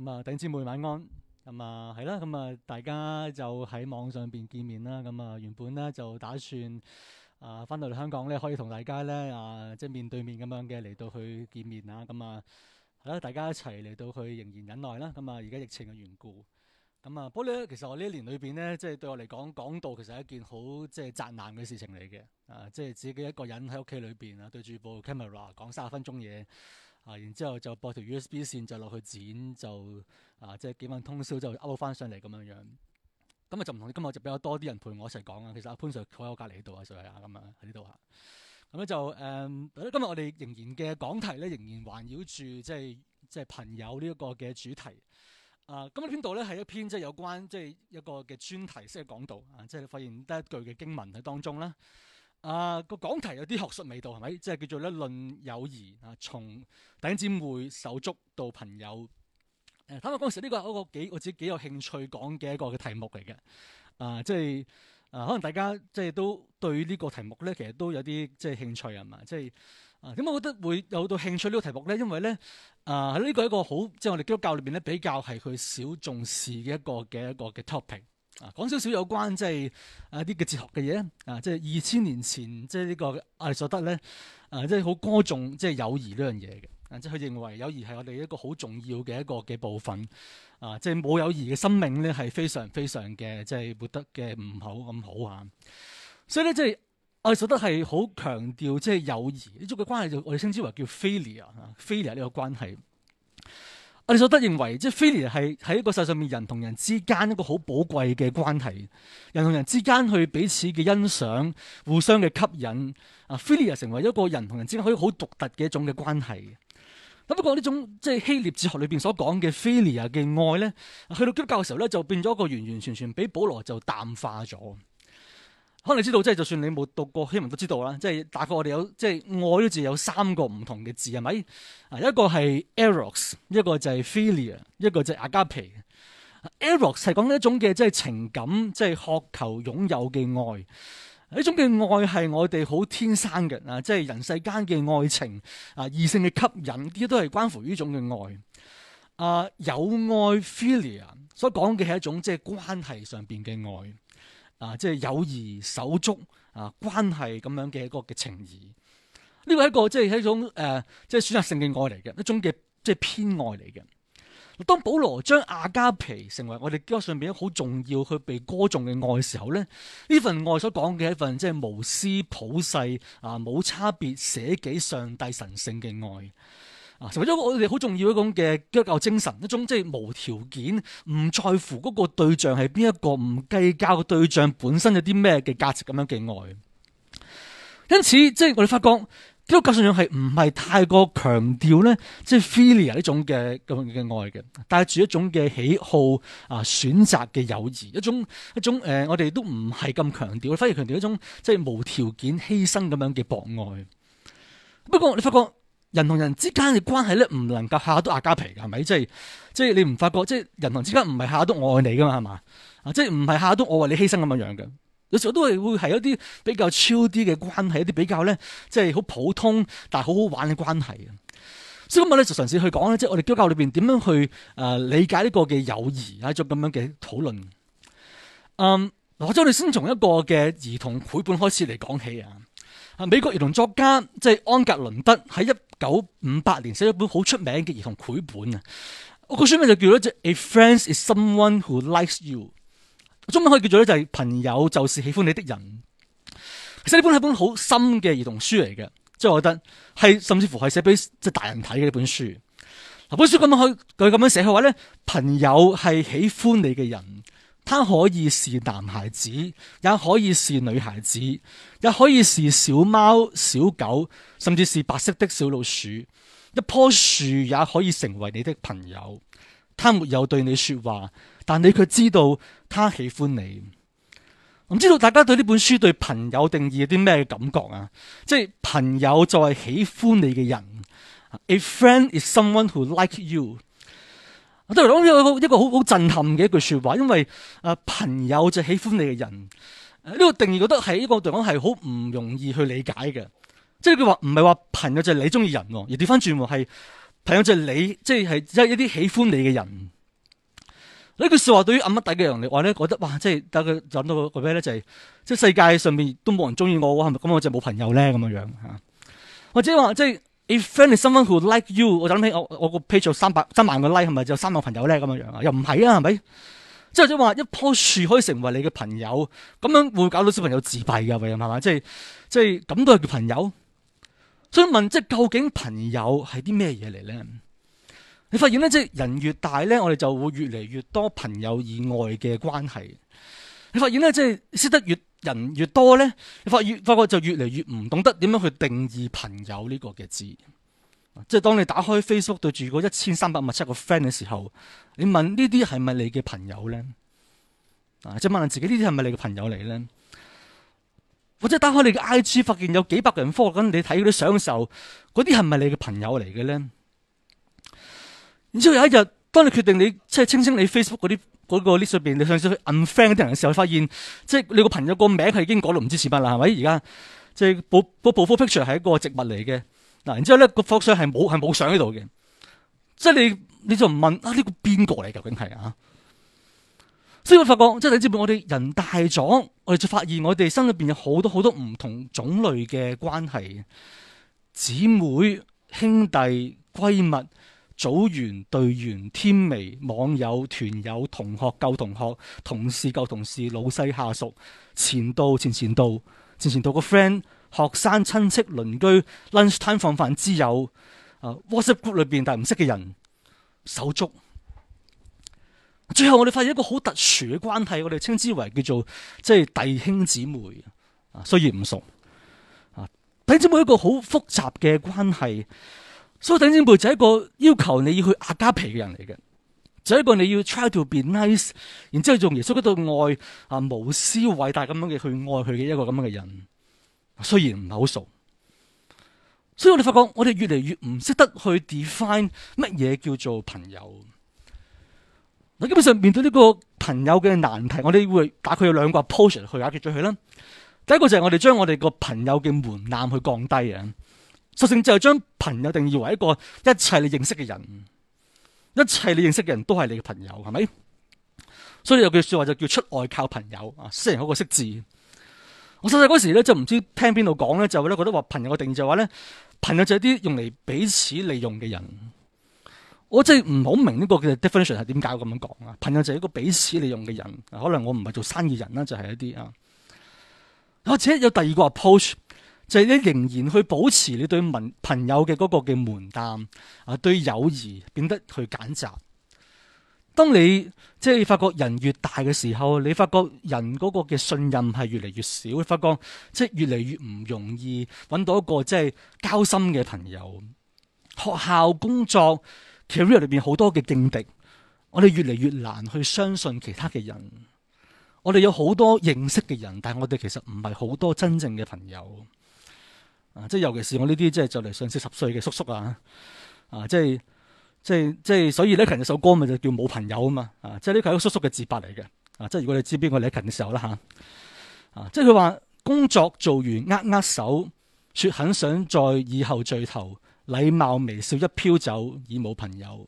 咁啊，弟兄姊妹晚安。咁、嗯、啊，係、嗯、啦。咁、嗯、啊、嗯，大家就喺網上邊見面啦。咁、嗯、啊、嗯，原本咧就打算啊，返、呃、到嚟香港咧可以同大家咧啊、呃，即係面對面咁樣嘅嚟到去見面啊。咁、嗯、啊，係、嗯、啦、嗯，大家一齊嚟到去仍然忍耐啦。咁、嗯、啊，而家疫情嘅緣故。咁、嗯、啊，不過咧，其實我呢一年裏邊咧，即係對我嚟講講道其實係一件好即係宅男嘅事情嚟嘅。啊，即係自己一個人喺屋企裏邊啊，對住部 camera 講三十分鐘嘢。啊！然之後就播條 USB 線就落去剪就啊，即係幾晚通宵就勾翻上嚟咁樣樣。咁啊，就唔同。今日就比較多啲人陪我一齊講啦。其實阿、啊、潘 Sir 喺我隔離喺度啊，所以啊咁樣喺呢度啊。咁咧就誒、嗯，今日我哋仍然嘅講題咧，仍然環繞住即係即係朋友呢一個嘅主題。啊，今日篇道咧係一篇即係有關即係、就是、一個嘅專題式嘅講道，啊，即係發現得一句嘅經文喺當中啦。啊，個講題有啲學術味道，係咪？即係叫做咧論友誼啊，從弟兄姊妹、手足到朋友。誒、啊，坦白講呢個係一個幾我自己幾有興趣講嘅一個嘅題目嚟嘅。啊，即係啊，可能大家即係都對呢個題目咧，其實都有啲即係興趣啊嘛。即係啊，點解我覺得會有到興趣呢個題目咧，因為咧啊，呢個係一個好即係我哋基督教裏邊咧比較係佢少重視嘅一個嘅一個嘅 topic。啊、講少少有關即係一啲嘅哲學嘅嘢，啊，即係二千年前即係呢個亞裏士多德咧，啊，即係好歌頌即係友誼呢樣嘢嘅，即係佢認為友誼係我哋一個好重要嘅一個嘅部分，啊，即係冇友誼嘅生命咧係非常非常嘅即係活得嘅唔好咁好嚇，所以咧、啊、即係亞裏士多德係好強調即係友誼呢種嘅關係，我哋稱之為叫 philia，philia 呢個關係。我哋所得認為，即係 filia 係喺個世上面人同人之間一個好寶貴嘅關係，人同人之間去彼此嘅欣賞、互相嘅吸引，啊，filia filia 成為一個人同人之間可以好獨特嘅一種嘅關係。咁不過呢種即係希臘哲學裏邊所講嘅 filia 嘅愛咧，去到基督教嘅時候咧，就變咗一個完完全全俾保羅就淡化咗。可能你知道，即係就算你冇讀過，希文都知道啦。即係大概我哋有，即係愛字有三個唔同嘅字，係咪？啊，一個係 eros，一個就係 philia，一個就係 agape。eros 係講一種嘅，即係情感，即係渴求擁有嘅愛。呢種嘅愛係我哋好天生嘅，啊，即係人世間嘅愛情，啊，異性嘅吸引，啲都係關乎呢種嘅愛。啊、呃，有愛 philia 所講嘅係一種即係關係上邊嘅愛。啊，即係友誼、手足啊關係咁樣嘅一個嘅情誼，呢個係一個即係一種誒、呃，即係選擇性嘅愛嚟嘅，一種嘅即係偏愛嚟嘅。當保羅將亞加皮成為我哋基督教上邊好重要去被歌頌嘅愛嘅時候咧，呢份愛所講嘅係一份即係無私普世啊，冇差別捨己、上帝、神聖嘅愛。啊！為咗我哋好重要一種嘅基督教精神，一種即係無條件、唔在乎嗰個對象係邊一個、唔計較個對象本身有啲咩嘅價值咁樣嘅愛。因此，即係我哋發覺基督教信仰係唔係太過強調咧，即係 filia 呢種嘅咁嘅愛嘅，帶住一種嘅喜好啊、選擇嘅友誼，一種一種誒、呃，我哋都唔係咁強調，反而強調一種即係無條件犧牲咁樣嘅博愛。不過，你發覺，人同人之間嘅關係咧，唔能夠下下都阿加皮，係咪？即係即係你唔發覺，即係人同之間唔係下下都我愛你噶嘛，係嘛？啊，即係唔係下下都我為你犧牲，咁樣樣嘅。有時我都係會係一啲比較超啲嘅關係，一啲比較咧即係好普通但係好好玩嘅關係嘅。所以今日咧就嘗試去講咧，即係我哋基督教裏邊點樣去誒、呃、理解呢個嘅友誼一種咁樣嘅討論。嗯，我將我哋先從一個嘅兒童繪本開始嚟講起啊。美國兒童作家，即係安格倫德喺一九五八年寫咗一本好出名嘅兒童繪本啊。我個書名就叫做《即 A friend is someone who likes you》，中文可以叫做咧就係、是、朋友就是喜歡你的人。其實呢本係一本好深嘅兒童書嚟嘅，即係我覺得係甚至乎係寫俾即係大人睇嘅呢本書。嗱，本書咁樣去佢咁樣寫嘅話咧，朋友係喜歡你嘅人。他可以是男孩子，也可以是女孩子，也可以是小貓、小狗，甚至是白色的小老鼠。一棵樹也可以成為你的朋友。他沒有對你說話，但你卻知道他喜歡你。唔知道大家對呢本書對朋友定義有啲咩感覺啊？即、就是、朋友就係喜歡你嘅人 A f friend is someone who like you。我都嚟講一個好好震撼嘅一句說話，因為啊朋友就喜歡你嘅人，呢、呃這個定義覺得係一個對我嚟講係好唔容易去理解嘅，即係佢話唔係話朋友就係你中意人，而調翻轉係朋友就係你，即係係一啲喜歡你嘅人。呢句說話對於暗乜底嘅人嚟話咧，覺得哇，即係等佢諗到個咩咧，就係、是、即係世界上面都冇人中意我，係咪咁我就冇朋友咧咁嘅樣吓。或者話即係。A friend is someone who like you，我諗起我我個 page 有三百三萬個 like，係咪就三萬個朋友咧？咁樣樣啊，又唔係啊，係咪？即係即係話一樖樹可以成為你嘅朋友，咁樣會搞到小朋友自閉噶，係咪？即係即係咁都係叫朋友。所以問即係究竟朋友係啲咩嘢嚟咧？你發現咧，即係人越大咧，我哋就會越嚟越多朋友以外嘅關係。你發現咧，即係識得越人越多咧，你發越發覺就越嚟越唔懂得點樣去定義朋友呢個嘅字。啊、即係當你打開 Facebook 對住個一千三百萬七個 friend 嘅時候，你問呢啲係咪你嘅朋友咧？啊，即係問下自己呢啲係咪你嘅朋友嚟咧？或者打開你嘅 IG，發現有幾百個人 follow 緊你睇嗰啲相嘅時候，嗰啲係咪你嘅朋友嚟嘅咧？然之後有一日，當你決定你即係清清你 Facebook 嗰啲。嗰個 list 入邊，你上次去 unfriend 嗰人嘅時候，發現即係、就是、你個朋友個名佢已經改到唔知是乜啦，係咪？而家即係部嗰部 picture 係一個植物嚟嘅，嗱，然之後咧個幅相係冇係冇相喺度嘅，即係、就是、你你就問啊呢個邊個嚟究竟係啊？所以我發覺即係你知唔知？我哋人大咗，我哋就發現我哋身裏邊有好多好多唔同種類嘅關係，姊妹、兄弟、閨蜜。組員、隊員、天微網友、團友、同學、舊同學、同事、舊同事、老細、下屬、前度、前前度、前前度個 friend、學生、親戚、鄰居、lunch time 放飯之友、啊、uh, WhatsApp group 裏邊但唔識嘅人、手足。最後我哋發現一個好特殊嘅關係，我哋稱之為叫做即係、就是、弟兄姊妹啊，雖然唔熟啊，弟兄姊妹一個好複雜嘅關係。蘇醒先輩就係一個要求你要去阿加皮嘅人嚟嘅，就係一個你要 try to be nice，然之後用耶穌嗰度愛啊無私偉大咁樣嘅去愛佢嘅一個咁樣嘅人，雖然唔係好熟。所以我哋發覺我哋越嚟越唔識得去 define 乜嘢叫做朋友。嗱，基本上面對呢個朋友嘅難題，我哋會打佢有兩個 approach 去解決佢啦。第一個就係我哋將我哋個朋友嘅門檻去降低啊。索性就係將朋友定義為一個一切你認識嘅人，一切你認識嘅人都係你嘅朋友，係咪？所以有句說話就叫出外靠朋友啊，雖然我個識字，我細細嗰時咧就唔知聽邊度講咧，就咧覺得話朋友嘅定義就係話咧，朋友就係啲用嚟彼此利用嘅人。我真係唔好明呢個嘅 definition 係點解咁樣講啊？朋友就係一個彼此利用嘅人，可能我唔係做生意人啦，就係、是、一啲啊。或者有第二個 approach。就你仍然去保持你對文朋友嘅嗰個嘅門檻啊，對友誼變得去揀擇。當你即係、就是、發覺人越大嘅時候，你發覺人嗰個嘅信任係越嚟越少，你發覺即係越嚟越唔容易揾到一個即係交心嘅朋友。學校工作 career 裏邊好多嘅勁敵，我哋越嚟越難去相信其他嘅人。我哋有好多認識嘅人，但係我哋其實唔係好多真正嘅朋友。即係尤其是我呢啲即係就嚟，上四十歲嘅叔叔啊，啊即係即係即係，所以呢近首歌咪就叫冇朋友啊嘛，啊即係呢個係個叔叔嘅自白嚟嘅。啊即係如果你知邊個李近嘅時候啦吓，啊，啊即係佢話工作做完握握手，說很想在以後聚頭，禮貌微笑一飄走已冇朋友。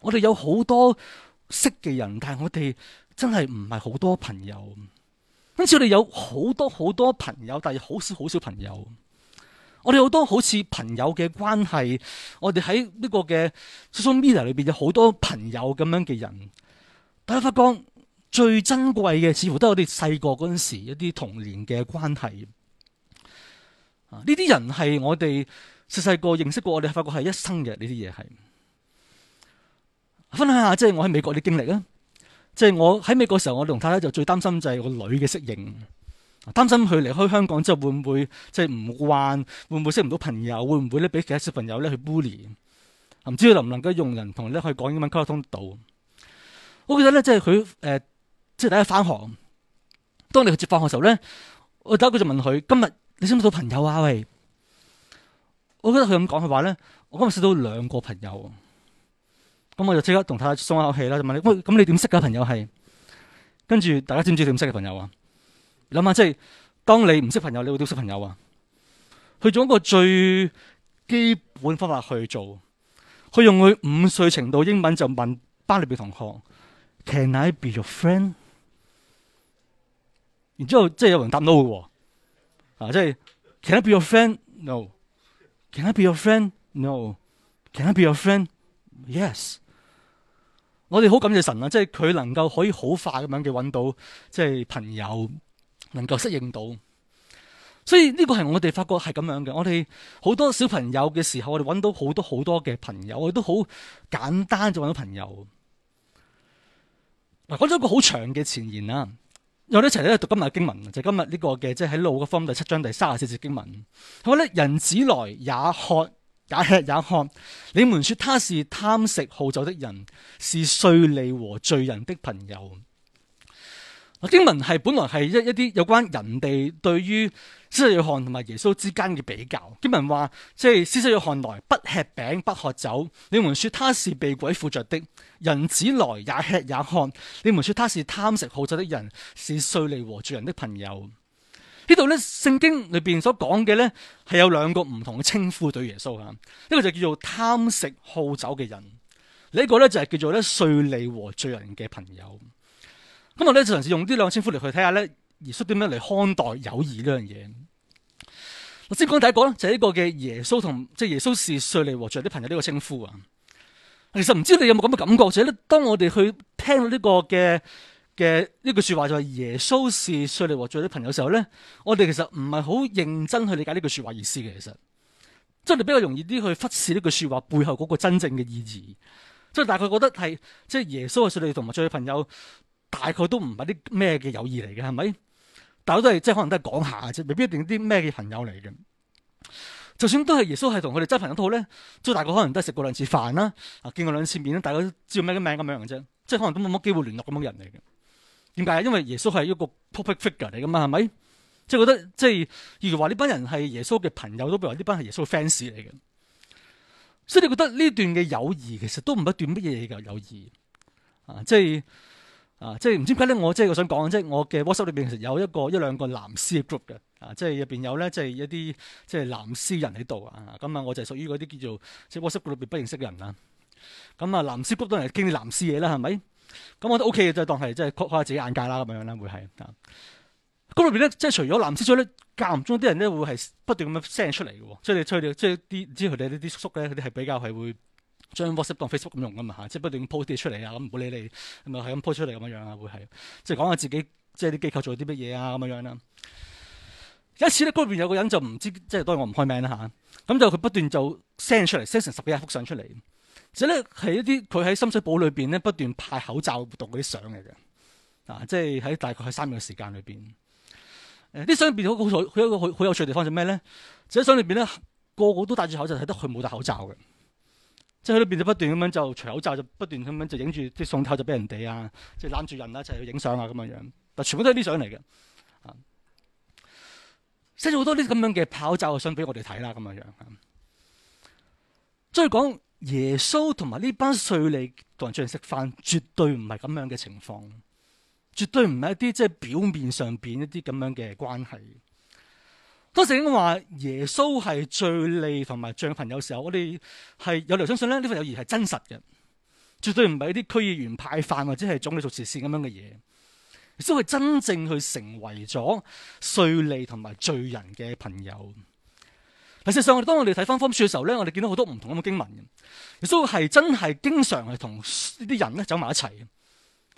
我哋有好多識嘅人，但係我哋真係唔係好多朋友。跟住我哋有好多好多朋友，但係好少好少朋友。我哋好多好似朋友嘅關係，我哋喺呢個嘅 social media 裏邊有好多朋友咁樣嘅人，大家發覺最珍貴嘅似乎都係我哋細個嗰陣時一啲童年嘅關係。啊，呢啲人係我哋細細個認識過，我哋發覺係一生嘅呢啲嘢係。分享下即係我喺美國啲經歷啦，即係我喺美國嘅時候，我同太太就最擔心就係個女嘅適應。擔心佢離開香港之後會唔會即係唔慣，會唔會識唔到朋友，會唔會咧俾其他小朋友咧去 bully？唔知佢能唔能夠用人同咧去講英文溝通到？我記得咧即係佢誒，即係、呃、第一日返學，當你去接放學時候咧，我第一句就問佢：今日你識唔識到朋友啊？喂！我覺得佢咁講，嘅話咧，我今日識到兩個朋友。咁我就即刻同太太鬆一口氣啦，就問你：喂，咁你點識㗎朋友係？跟住大家知唔知點識嘅朋友啊？諗下，即係當你唔識朋友，你會點識朋友啊？去做一個最基本方法去做，佢用佢五歲程度英文就問班裏邊同學：Can I be your friend？然之後即係有人答 no 嘅、哦，啊即係 Can I be your friend？No。Can I be your friend？No。Can I be your friend？Yes。我哋好感謝神啊！即係佢能夠可以好快咁樣嘅揾到即係朋友。能夠適應到，所以呢個係我哋發覺係咁樣嘅。我哋好多小朋友嘅時候，我哋揾到好多好多嘅朋友，我哋都好簡單就揾到朋友。嗱，講咗一個好長嘅前言啦，我哋一齊嚟讀今日嘅經文，就係今日呢個嘅，即係喺路加福音第七章第三十四節經文。我哋人子來也喝也吃也喝，你們說他是貪食好酒的人，是稅吏和罪人的朋友。經文係本來係一一啲有關人哋對於施洗約翰同埋耶穌之間嘅比較。經文話、就是，即係施洗約翰來不吃餅不喝酒，你們說他是被鬼附着的；人子來也吃也喝，你們說他是貪食好酒的人，是稅吏和罪人的朋友。呢度呢，聖經裏邊所講嘅呢係有兩個唔同嘅稱呼對耶穌吓，呢個就叫做貪食好酒嘅人，呢一個咧就係叫做咧稅吏和罪人嘅朋友。今日咧就嘗試用呢兩個稱呼嚟去睇下咧，耶穌點樣嚟看待友誼呢樣嘢。先講第一個啦，就係、是、呢個嘅耶穌同即係耶穌是稅吏和罪人啲朋友呢個稱呼啊。其實唔知你有冇咁嘅感覺，或者咧當我哋去聽到呢個嘅嘅呢句說話就係耶穌是稅吏和罪人啲朋友嘅時候咧，我哋其實唔係好認真去理解呢句說話意思嘅，其實即係比較容易啲去忽視呢句說話背後嗰個真正嘅意義。即係大概覺得係即係耶穌係稅吏同埋罪人嘅朋友。大概都唔係啲咩嘅友誼嚟嘅，係咪？大家都係即係，可能都係講下啫，未必一定啲咩嘅朋友嚟嘅。就算都係耶穌係同佢哋真朋友，套好咧，即大概可能都係食過兩次飯啦，啊，見過兩次面啦，大家都知道咩嘅名咁樣嘅啫，即係可能都冇乜機會聯絡咁樣嘅人嚟嘅。點解？因為耶穌係一個 public figure 嚟噶嘛，係咪？即係覺得即係，如話呢班人係耶穌嘅朋友，都不如話呢班係耶穌 fans 嚟嘅。所以你覺得呢段嘅友誼其實都唔係一段乜嘢嘅友誼啊，即係。啊，即係唔知點解咧，我即係我想講，即係我嘅 WhatsApp 裏邊其實有一個一兩個藍絲嘅 group 嘅，啊，即係入邊有咧，即係一啲即係藍絲人喺度啊，咁啊，我就係屬於嗰啲叫做即係 WhatsApp group 裏邊不認識人啦。咁啊，啊，藍絲 group 都係傾啲藍絲嘢啦，係咪？咁、啊嗯、我都 OK 嘅，就當係即係擴開下自己眼界啦咁樣啦，會係。咁裏邊咧，即係除咗藍絲組咧，間唔中啲人咧會係不斷咁樣 send 出嚟嘅、啊，即係你催你即係啲即係佢哋啲叔叔咧，佢哋係比較係會。將 WhatsApp 當 Facebook 咁用噶嘛嚇、啊，即係不斷 po 啲嘢出嚟啊咁，唔好理你，咁啊係咁 po 出嚟咁樣樣啊，會係即係講下自己，即係啲機構做啲乜嘢啊咁樣樣啦、啊。有一次咧，嗰邊有個人就唔知，即係當然我唔開名啦吓。咁、啊、就佢不斷就 send 出嚟，send 成十幾廿幅相出嚟。所以咧係一啲佢喺深水埗裏邊咧不斷派口罩活動嗰啲相嚟嘅，啊，即係喺大概喺三日嘅時間裏邊。誒啲相入邊好有佢一個好好有，有，有，有，有趣嘅地方係咩咧？就係相入邊咧個個都戴住口罩，睇得佢冇戴口罩嘅。即係佢喺度不斷咁樣就除口罩，就不斷咁樣就影住啲餸頭就俾人哋啊，即係攬住人啊一齊去影相啊咁樣樣，但全部都係啲相嚟嘅，啊，寫咗好多啲咁樣嘅跑罩嘅相俾我哋睇啦咁樣樣。即係講耶穌同埋呢班稅吏同人出嚟食飯，絕對唔係咁樣嘅情況，絕對唔係一啲即係表面上邊一啲咁樣嘅關係。當時應該話耶穌係稅吏同埋罪人朋友嘅時候，我哋係有理由相信咧，呢份友誼係真實嘅，絕對唔係啲區議員派飯或者係總理做慈善咁樣嘅嘢，亦都係真正去成為咗稅吏同埋罪人嘅朋友。事實上，我哋當我哋睇翻福音書嘅時候咧，我哋見到好多唔同咁嘅經文，亦都係真係經常係同呢啲人咧走埋一齊，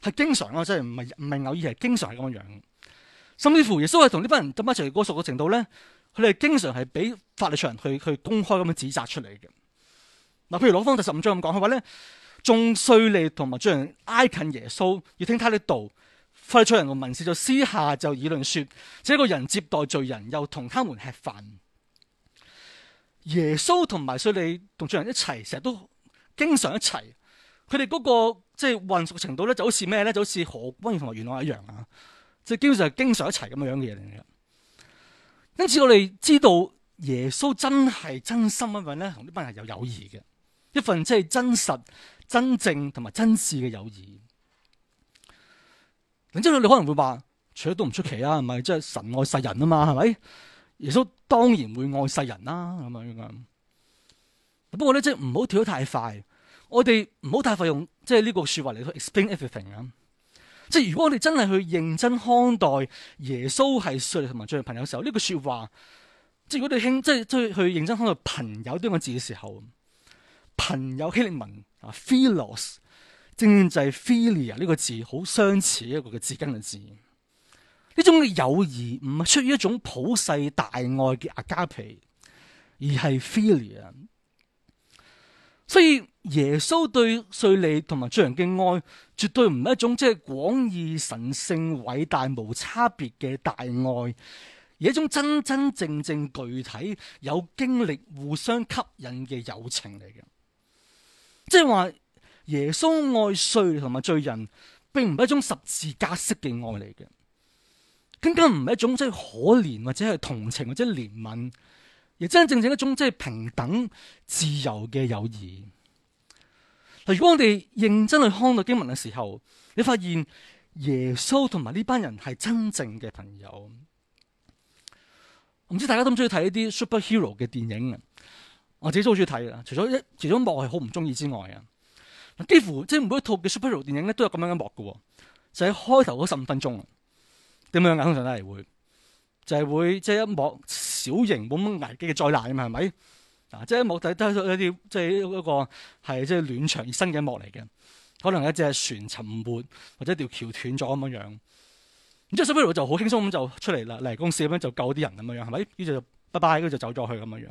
係經常啊，即係唔係唔係偶爾，係經常係咁樣樣。甚至乎耶穌係同呢班人咁一齊嗰熟嘅程度咧，佢哋經常係俾法利賽人去去公開咁樣指責出嚟嘅。嗱，譬如攞方第十五章咁講，嘅話咧：眾稅吏同埋罪人挨近耶穌，要聽他的道，法利賽人同文士就私下就議論說：這個人接待罪人，又同他們們吃飯。耶穌同埋稅吏同罪人一齊，成日都經常都一齊。佢哋嗰個即係混熟程度咧，就好似咩咧？就好似何彥同埋元朗一樣啊！即係基本上係經常一齊咁嘅樣嘅嘢嚟嘅，因此我哋知道耶穌真係真心一份咧，同呢班人有友誼嘅，一份即係真實、真正同埋真摯嘅友誼。然之後你可能會話，除咗都唔出奇啦，係咪？即係神愛世人啊嘛，係咪？耶穌當然會愛世人啦，啊，咁樣。不過咧，即係唔好跳得太快，我哋唔好太快用即係呢個說話嚟去 explain everything 啊。即係如果我哋真係去認真看待耶穌係稅吏同埋罪人朋友嘅時候，呢句說話，即係如果你興即係即係去認真看待朋友呢個字嘅時候，朋友希臘文啊，philos 正正就係 philia 呢個字，好相似一個嘅字根嘅字。呢種嘅友誼唔係出於一種普世大愛嘅阿加皮，而係 philia。所以耶穌對稅吏同埋罪人嘅愛，絕對唔係一種即係廣義神聖偉大無差別嘅大愛，而係一種真真正正具體有經歷互相吸引嘅友情嚟嘅。即係話耶穌愛稅吏同埋罪人，並唔係一種十字架式嘅愛嚟嘅，根本唔係一種即係可憐或者係同情或者憐憫。而真正正一種即係平等自由嘅友誼。嗱，如果我哋認真去看待經文嘅時候，你發現耶穌同埋呢班人係真正嘅朋友。唔知大家都唔中意睇一啲 superhero 嘅電影啊？我自己都好中意睇噶，除咗一除咗幕係好唔中意之外啊，嗱幾乎即係每一套嘅 superhero 電影咧都有咁樣一幕嘅，就喺開頭嗰十五分鐘啊。點樣啊？通常都係會，就係會即係一幕。小型冇乜危機嘅災難啊嘛，係咪？嗱，即係幕睇都係一啲，即係一個係即係暖場新嘅幕嚟嘅。可能一隻船沉沒，或者一條橋斷咗咁樣樣。然之後 Superhero 就好輕鬆咁就出嚟啦，嚟公司咁樣就救啲人咁樣樣，係咪？於是就拜拜，跟住就走咗去咁樣樣。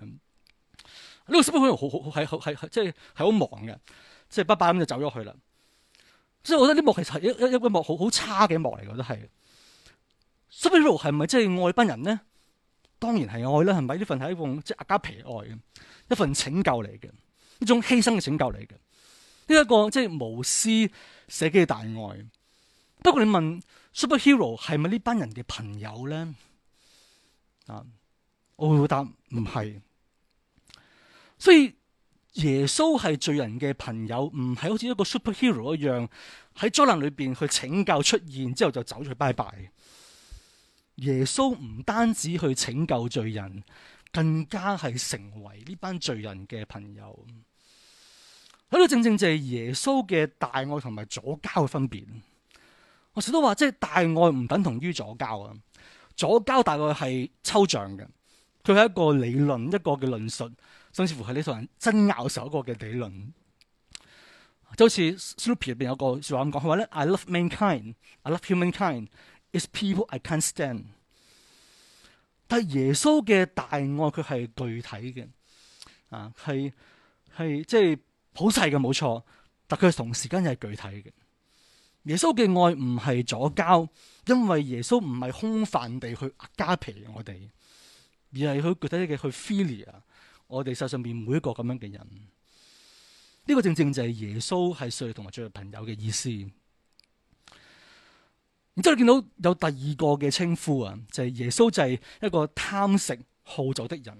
呢、這個 Superhero 好好喺喺喺，即係係好忙嘅，即、就、係、是、拜拜咁就走咗去啦。所以我覺得呢幕其實一一個幕好好差嘅幕嚟，我覺得係 Superhero 係咪即係外賓人咧？當然係愛啦，係咪呢份係一份即係阿加皮愛嘅一份拯救嚟嘅，一種犧牲嘅拯救嚟嘅，呢、這、一個即係無私捨己嘅大愛。不過你問 superhero 係咪呢班人嘅朋友咧？啊，我會答唔係。所以耶穌係罪人嘅朋友，唔係好似一個 superhero 一樣喺災難裏邊去拯救出現，之後就走咗去拜拜。耶穌唔單止去拯救罪人，更加係成為呢班罪人嘅朋友。喺度正正就係耶穌嘅大愛同埋左交嘅分別。我成日都話，即係大愛唔等同於左交啊！左交大概係抽象嘅，佢係一個理論，一個嘅論述，甚至乎係你同人爭拗嘅時候一個嘅理論。就好似 Sloopy 入邊有個說話咁講，佢話咧：I love mankind, I love human kind。是 people I can't stand，但耶穌嘅大愛佢係具體嘅，啊係係即係普世嘅冇錯，但佢係同時間又係具體嘅。耶穌嘅愛唔係左膠，因為耶穌唔係空泛地去加皮我哋，而係佢具體地去 philia 我哋世上面每一個咁樣嘅人。呢、這個正正就係耶穌係最同埋最朋友嘅意思。之後你見到有第二個嘅稱呼啊，就係、是、耶穌就係一個貪食好酒的人。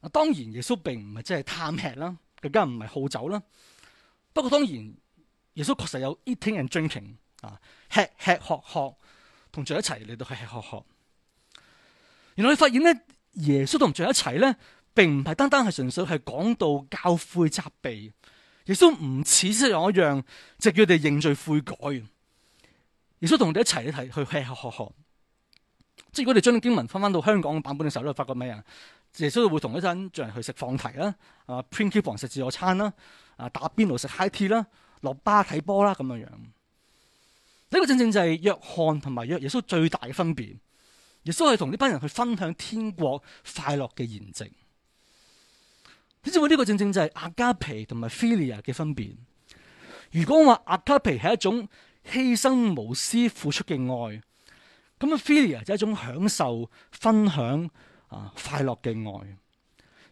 啊，當然耶穌並唔係真係貪吃啦，更加唔係好酒啦。不過當然耶穌確實有 eating and drinking 啊，吃吃喝喝同住一齊嚟到去吃喝喝。原來你發現咧，耶穌同住一齊咧，並唔係單單係純粹係講道教誨責備，耶穌唔似昔日嗰樣就叫佢哋認罪悔改。耶穌同我哋一齊咧係去吃喝喝，喝，即係如果你將經文翻翻到香港版本嘅時候咧，你會發覺咩啊？耶穌會同一班眾人去食放題啦，啊，print k 房食自助餐啦，啊，打邊爐食 high tea 啦，落巴睇波啦咁樣樣。呢、這個正正就係約翰同埋約耶穌最大嘅分別。耶穌係同呢班人去分享天國快樂嘅筵席。你知唔知呢個正正就係阿加皮同埋菲利亞嘅分別？如果我話阿加皮係一種，犧牲無私付出嘅愛，咁啊，filia 係一種享受分享啊快樂嘅愛。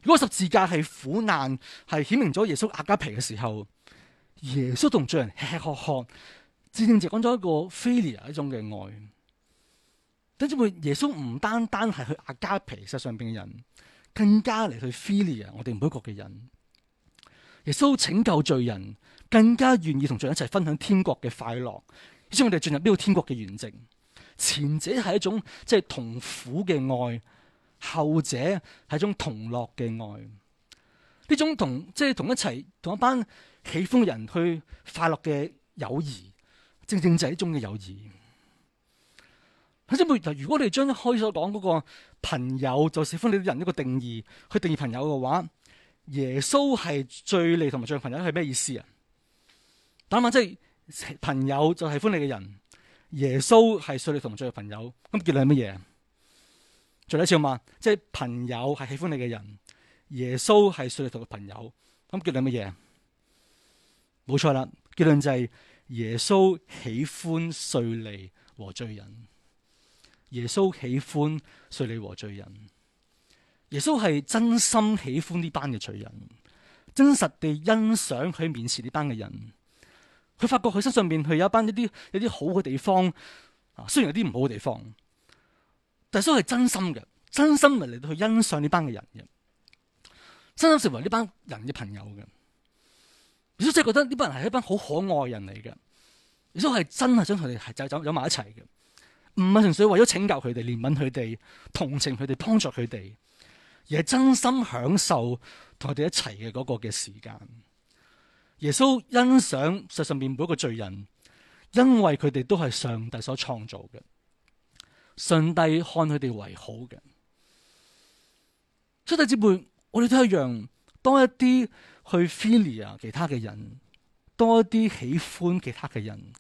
如果十字架係苦難，係顯明咗耶穌阿加皮嘅時候，耶穌同罪人吃吃喝喝，至正就講咗一個 filia 一種嘅愛。等住會耶穌唔單單係去阿加皮世上邊嘅人，更加嚟去 filia 我哋每一個嘅人。耶穌拯救罪人，更加願意同罪人一齊分享天國嘅快樂。依張我哋進入呢個天國嘅完整？前者係一種即係同苦嘅愛，後者係一種同樂嘅愛。呢種同即係同一齊同一班喜歡嘅人去快樂嘅友誼，正正就係呢種嘅友誼。好想如果你將一開所講嗰個朋友就喜歡你啲人一個定義去定義朋友嘅話？耶穌係稅吏同埋罪人朋友係咩意思啊？答案即係朋友就喜歡你嘅人，耶穌係稅吏同埋罪人朋友，咁結論係乜嘢？做再嚟一次好嘛，即係朋友係喜歡你嘅人，耶穌係稅吏同埋罪人嘅朋友，咁結論係乜嘢？冇錯啦，結論就係耶穌喜歡稅吏和罪人，耶穌喜歡稅吏和罪人。耶穌係真心喜歡呢班嘅罪人，真實地欣賞佢面前呢班嘅人。佢發覺佢身上面佢有一班一啲一啲好嘅地方，啊，雖然有啲唔好嘅地方，但係耶穌係真心嘅，真心嚟到去欣賞呢班嘅人嘅，真心成為呢班人嘅朋友嘅。耶穌真係覺得呢班人係一班好可愛嘅人嚟嘅，耶穌係真係想同佢哋係走走走埋一齊嘅，唔係純粹為咗拯救佢哋、憐憫佢哋、同情佢哋、幫助佢哋。也真心享受同佢哋一齊嘅嗰個嘅時間。耶穌欣賞世上邊每一個罪人，因為佢哋都係上帝所創造嘅，上帝看佢哋為好嘅。兄弟姊妹，我哋都一樣，多一啲去 filia 啊，其他嘅人，多一啲喜歡其他嘅人，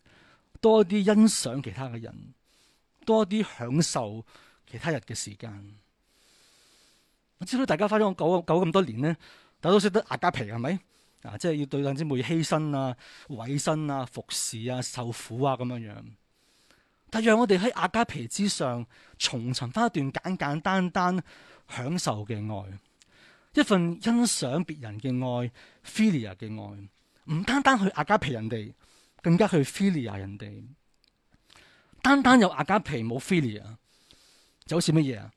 多一啲欣賞其他嘅人，多一啲享受其他人嘅時間。我知道大家花咗咁久咁咁多年咧，大家都識得阿家皮係咪？啊，即係要對弟兄姊妹犧牲啊、委身啊、服侍啊、受苦啊咁樣樣。但讓我哋喺阿家皮之上，重尋翻一段簡簡單單，單享受嘅愛，一份欣賞別人嘅愛，filia 嘅愛，唔單單去阿家皮人哋，更加去 filia 人哋。單單有阿家皮冇 filia，就好似乜嘢啊？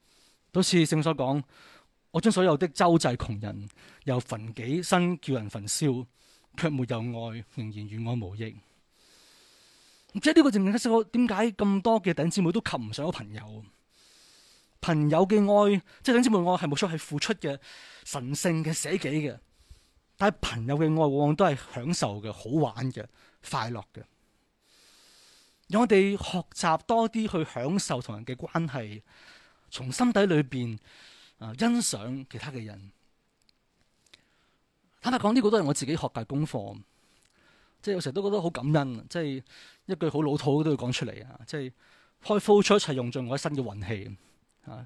就好似聖所講。我將所有的周濟窮人，又焚己身叫人焚燒，卻沒有愛，仍然與我無益。唔知呢個證明得識我點解咁多嘅弟兄姊妹都及唔上個朋友。朋友嘅愛，即係弟兄姊妹愛係冇錯係付出嘅、神聖嘅、捨己嘅，但係朋友嘅愛往往都係享受嘅、好玩嘅、快樂嘅。讓我哋學習多啲去享受同人嘅關係，從心底裏邊。啊！欣賞其他嘅人，坦白講，呢個都係我自己學嘅功課。即係有時都覺得好感恩。即係一句好老土都要講出嚟啊！即係開 flow church 係用盡我一身嘅運氣啊！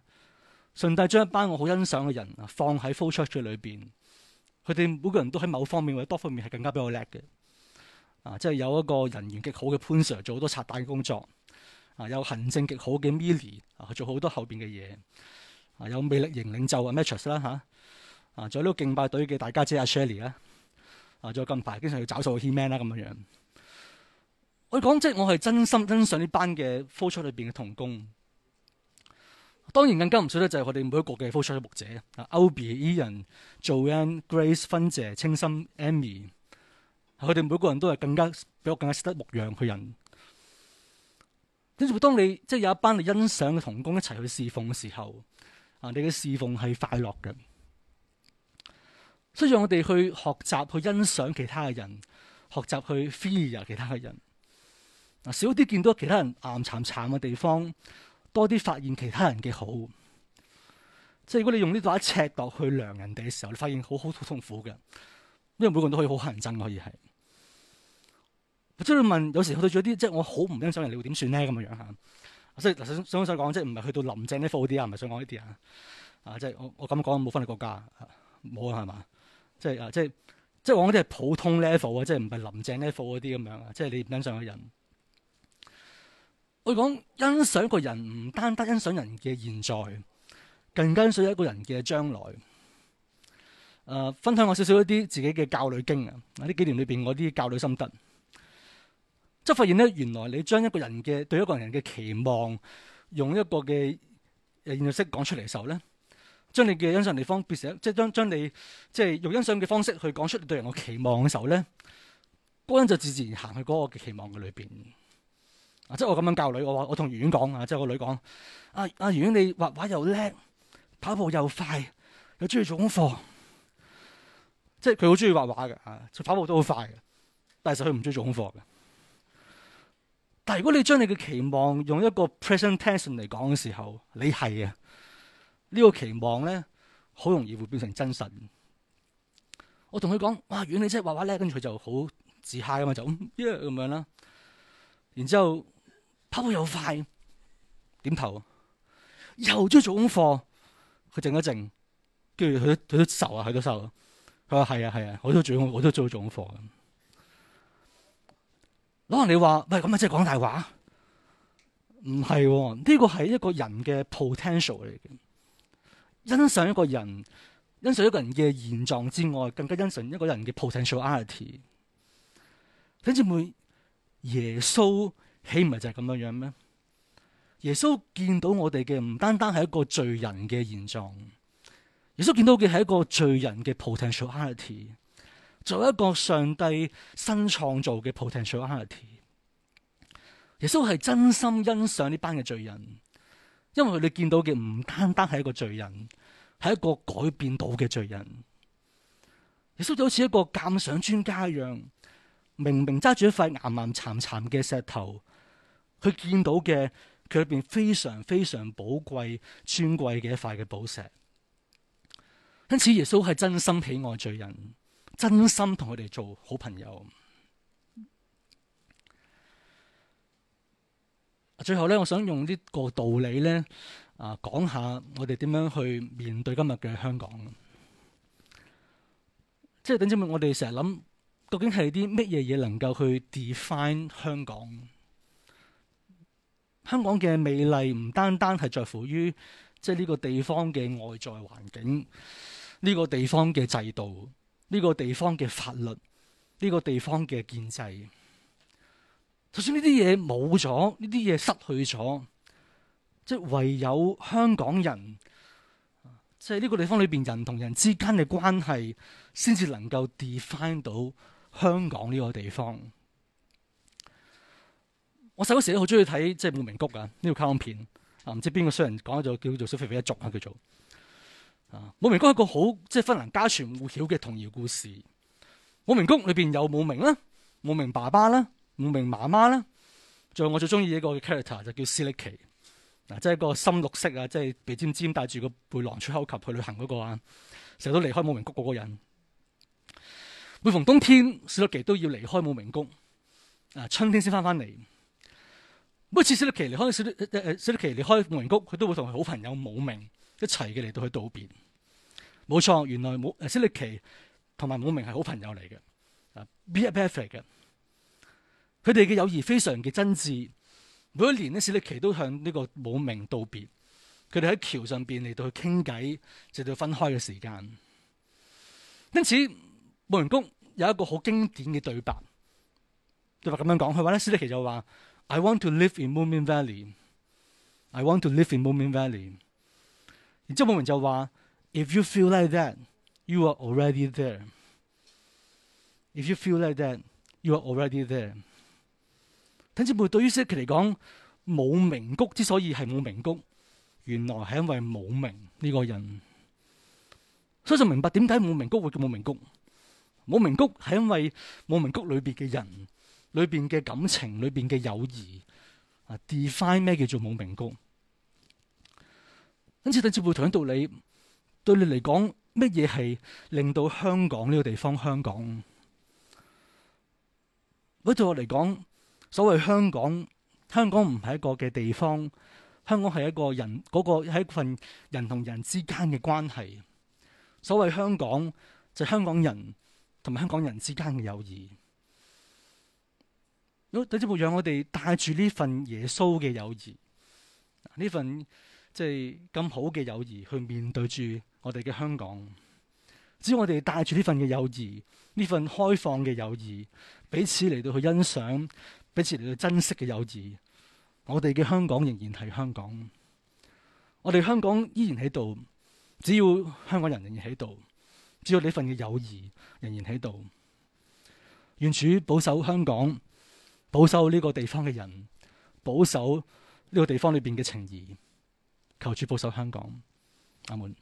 順帶將一班我好欣賞嘅人放喺 flow church 嘅裏邊，佢哋每個人都喺某方面或者多方面係更加比我叻嘅。啊！即係有一個人緣極好嘅潘 Sir 做好多拆彈嘅工作。啊，有行政極好嘅 Milly，啊，做好多後邊嘅嘢。有魅力型領袖阿 Mattress 啦吓，啊，仲有呢個敬拜隊嘅大家姐阿 Shelly 啦，啊，仲有近排經常要找數 Heman 啦，咁樣、啊、樣。我講即係我係真心欣賞呢班嘅付出裏邊嘅童工。當然更加唔少得，就係我哋每一個嘅付出嘅牧者，阿 Obie、Ean、Joanne、Grace、芬姐、清新、Amy，佢哋每個人都係更加比我更加識得牧養佢人。跟住當你即係有一班你欣賞嘅童工一齊去侍奉嘅時候。啊！你嘅侍奉係快樂嘅，所以我哋去學習去欣賞其他嘅人，學習去 fear 人其他嘅人。嗱、啊，少啲見到其他人岩慘慘嘅地方，多啲發現其他人嘅好。即係如果你用呢度一尺度去量人哋嘅時候，你發現好好痛苦嘅，因為每個人都可以好乞人憎，可以係。即係你問，有時去到咗啲，即係我好唔欣賞人，你會點算咧？咁嘅樣吓。即係嗱，想想講想講，即係唔係去到林鄭 level 啲啊？唔係想講呢啲啊？啊，即係我我咁講，冇分裂國家，冇啊係嘛？即係啊，即係即係講啲係普通 level 啊，即係唔係林鄭 level 嗰啲咁樣啊？即係你唔欣賞嘅人，我講欣賞一個人唔單單欣賞人嘅現在，更加欣賞一個人嘅將來。誒、啊，分享我少少一啲自己嘅教女經啊！呢幾年裏邊，我啲教女心得。即係發現咧，原來你將一個人嘅對一個人嘅期望，用一個嘅誒形式講出嚟嘅時候咧，將你嘅欣賞地方變成即係將將你即係用欣賞嘅方式去講出你對人嘅期望嘅時候咧，嗰人就自自然行去嗰個嘅期望嘅裏邊。啊，即係我咁樣教女，我話我同如遠講啊，即係我女講啊，阿如遠你畫畫又叻，跑步又快，又中意做功課。即係佢好中意畫畫嘅，就跑步都好快嘅，但係實佢唔中意做功課嘅。但如果你將你嘅期望用一個 presentation 嚟講嘅時候，你係啊，呢個期望咧好容易會變成真實。我同佢講：哇，如果你真係畫畫叻，跟住佢就好自嗨吖嘛，咁啊，就咁樣啦。然之後，high，然後跑步又快，點頭又鍾意做功課，佢靜一靜，跟住佢都佢都愁啊，佢都愁。佢話：係啊係啊，我都做，我都做做功課。可能你話喂，咁咪即係講大話？唔係，呢個係一個人嘅 potential 嚟嘅。欣賞一個人，欣賞一個人嘅現狀之外，更加欣賞一個人嘅 potentiality。甚至每耶穌豈唔係就係咁樣樣咩？耶穌見到我哋嘅唔單單係一個罪人嘅現狀，耶穌見到嘅係一個罪人嘅 potentiality。作為一個上帝新創造嘅 potentiality，耶穌係真心欣賞呢班嘅罪人，因為佢哋見到嘅唔單單係一個罪人，係一個改變到嘅罪人。耶穌就好似一個鑑賞專家一樣，明明揸住一塊岩岩殘殘嘅石頭，佢見到嘅佢裏邊非常非常寶貴、尊貴嘅一塊嘅寶石。因此，耶穌係真心喜愛罪人。真心同佢哋做好朋友。最後咧，我想用呢個道理咧啊，講下我哋點樣去面對今日嘅香港。即係等於我哋成日諗，究竟係啲乜嘢嘢能夠去 define 香港？香港嘅美麗唔單單係在乎於即係呢個地方嘅外在環境，呢個地方嘅制度。呢個地方嘅法律，呢個地方嘅建制，就算呢啲嘢冇咗，呢啲嘢失去咗，即係唯有香港人，即係呢個地方裏邊人同人之間嘅關係，先至能夠 define 到香港呢個地方。我細嗰時都好中意睇即係《姆明谷》啊，呢套卡通片啊，唔知邊個商人講咗叫做小肥肥一族啊，叫做。啊！霧明谷一個好即係芬蘭家傳戶曉嘅童謠故事。武明谷裏邊有霧明啦，霧明爸爸啦，霧明媽媽啦，仲有我最中意一個 character 就叫史力奇。嗱、啊，即係一個深綠色啊，即係鼻尖尖帶住個背囊出去求其去旅行嗰，那個啊，成日都離開霧明谷嗰個人。每逢冬天，史力奇都要離開霧明谷，啊，春天先翻翻嚟。每次史力奇離開史力、呃、史力奇離開霧明谷，佢都會同佢好朋友霧明一齊嘅嚟到去道別。冇錯，原來冇誒史力奇同埋姆明係好朋友嚟嘅，啊 BFF 嚟嘅，佢哋嘅友誼非常嘅真摯。每一年呢，史力奇都向呢個姆明道別，佢哋喺橋上邊嚟到去傾偈，直到分開嘅時間。因此，姆明谷有一個好經典嘅對白，就話、係、咁樣講。佢話呢，史力奇就話：I want to live in Moomin Valley。I want to live in Moomin Valley。然之後，姆明就話。If you feel like that, you are already there. If you feel like that, you are already there 等。等於係對於識佢嚟講，冇名谷之所以係冇名谷，原來係因為冇名呢個人，所以就明白點解冇名谷會叫冇名谷。冇名谷係因為冇名谷裏邊嘅人、裏邊嘅感情、裏邊嘅友誼，啊 define 咩叫做冇名谷？因此，等於係同樣道理。對你嚟講，乜嘢係令到香港呢個地方香港？我對我嚟講，所謂香港，香港唔係一個嘅地方，香港係一個人嗰、嗰個係一份人同人之間嘅關係。所謂香港，就係、香港人同埋香港人之間嘅友誼。好，總之，讓我哋帶住呢份耶穌嘅友誼，呢份即係咁好嘅友誼，去面對住。我哋嘅香港，只要我哋帶住呢份嘅友誼，呢份開放嘅友誼，彼此嚟到去欣賞，彼此嚟到珍惜嘅友誼，我哋嘅香港仍然係香港。我哋香港依然喺度，只要香港人仍然喺度，只要呢份嘅友誼仍然喺度，願主保守香港，保守呢個地方嘅人，保守呢個地方裏邊嘅情誼，求主保守香港，阿門。